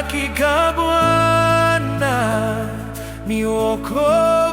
haki Bwana ni wokovu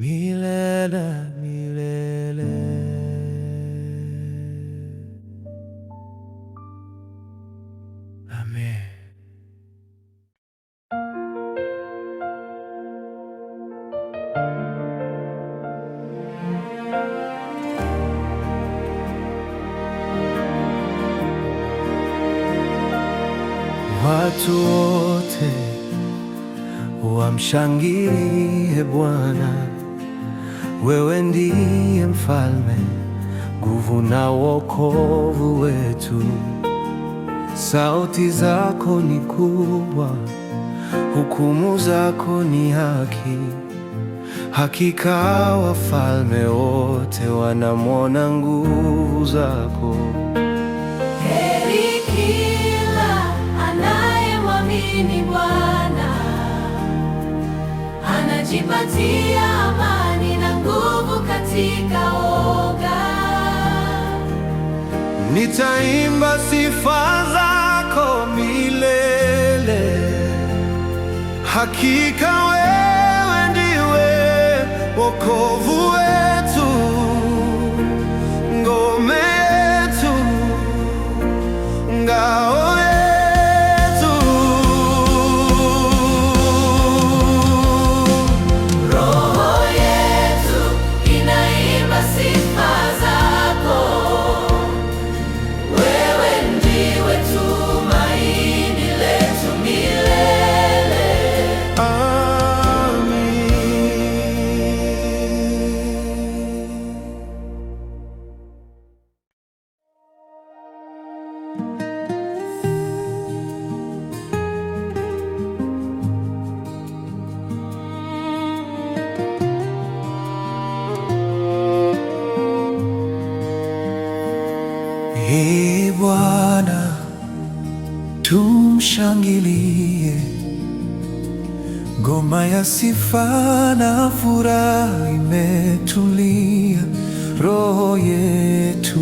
milele milele. Watu wote wamshangilie Bwana wewe ndiye mfalme, nguvu na wokovu wetu. Sauti zako ni kubwa, hukumu zako ni haki. Hakika wafalme wote wanamwona nguvu zako. Heri kila anayemwamini Bwana, anajipatia amani nguvu katika oga. Nitaimba sifa zako milele, hakika wewe ndiwe wokovu. tumshangilie ngoma ya sifa na furaha imetulia roho yetu.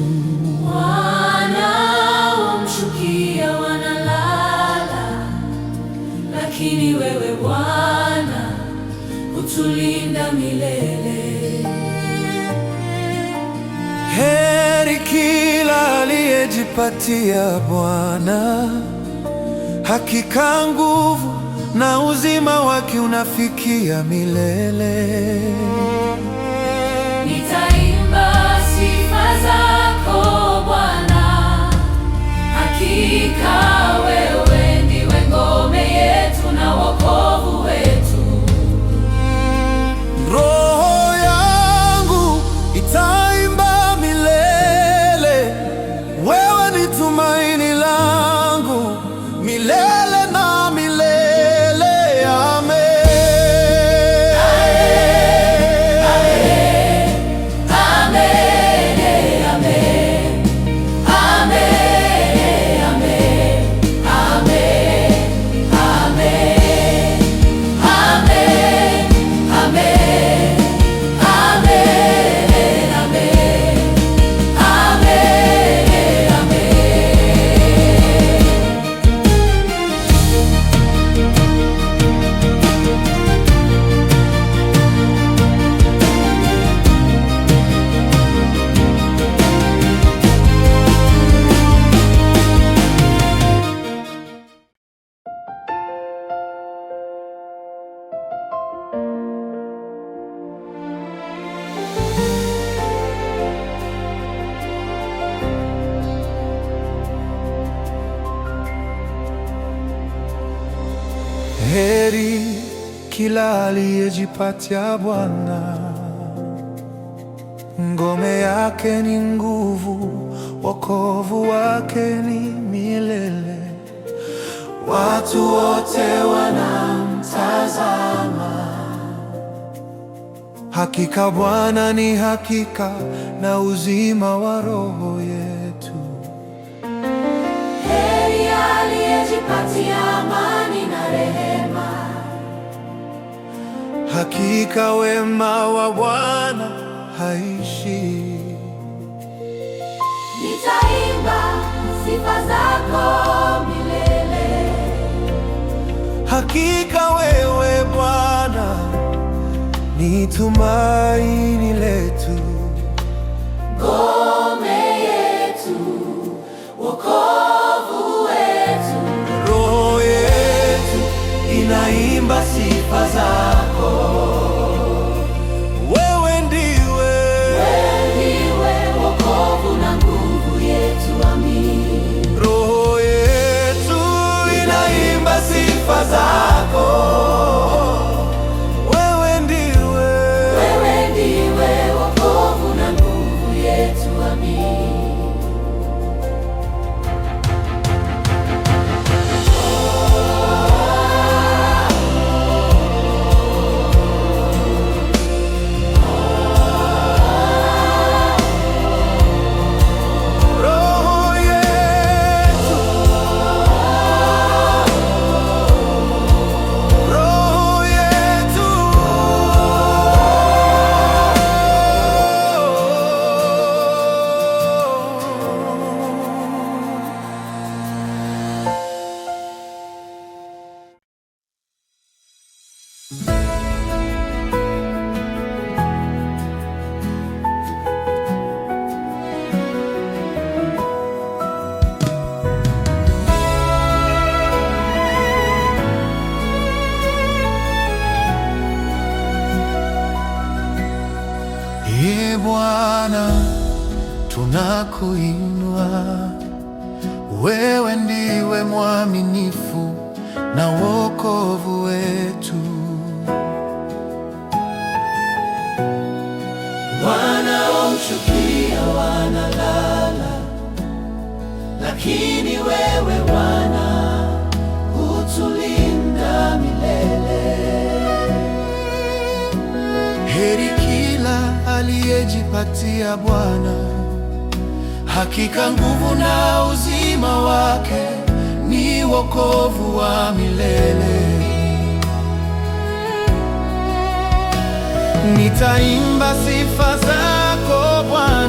Wanaomchukia wanalala, lakini wewe Bwana hutulinda milele. Heri kila aliyejipatia Bwana Hakika nguvu na uzima wake unafikia milele. Nitaimba sifa zako Bwana, hakika wewe ndiwe ngome yetu na wokovu aliyejipatia Bwana. Ngome yake ni nguvu, wokovu wake ni milele. Watu wote wanamtazama. Hakika Bwana ni hakika na uzima wa roho yetu. Heri aliyejipatia amani na rehema Hakika wema wa Bwana haishi. Nitaimba sifa zako milele. Hakika wewe Bwana ni tumaini letu, ngome yetu, wokovu wetu, roho yetu inaimba sifa za Bwana, tunakuinua wewe, ndiwe mwaminifu na wokovu wetu. Wanaomchukia wanalala, lakini wewe wana aliyejipatia Bwana. Hakika nguvu na uzima wake ni wokovu wa milele. Nitaimba sifa zako Bwana.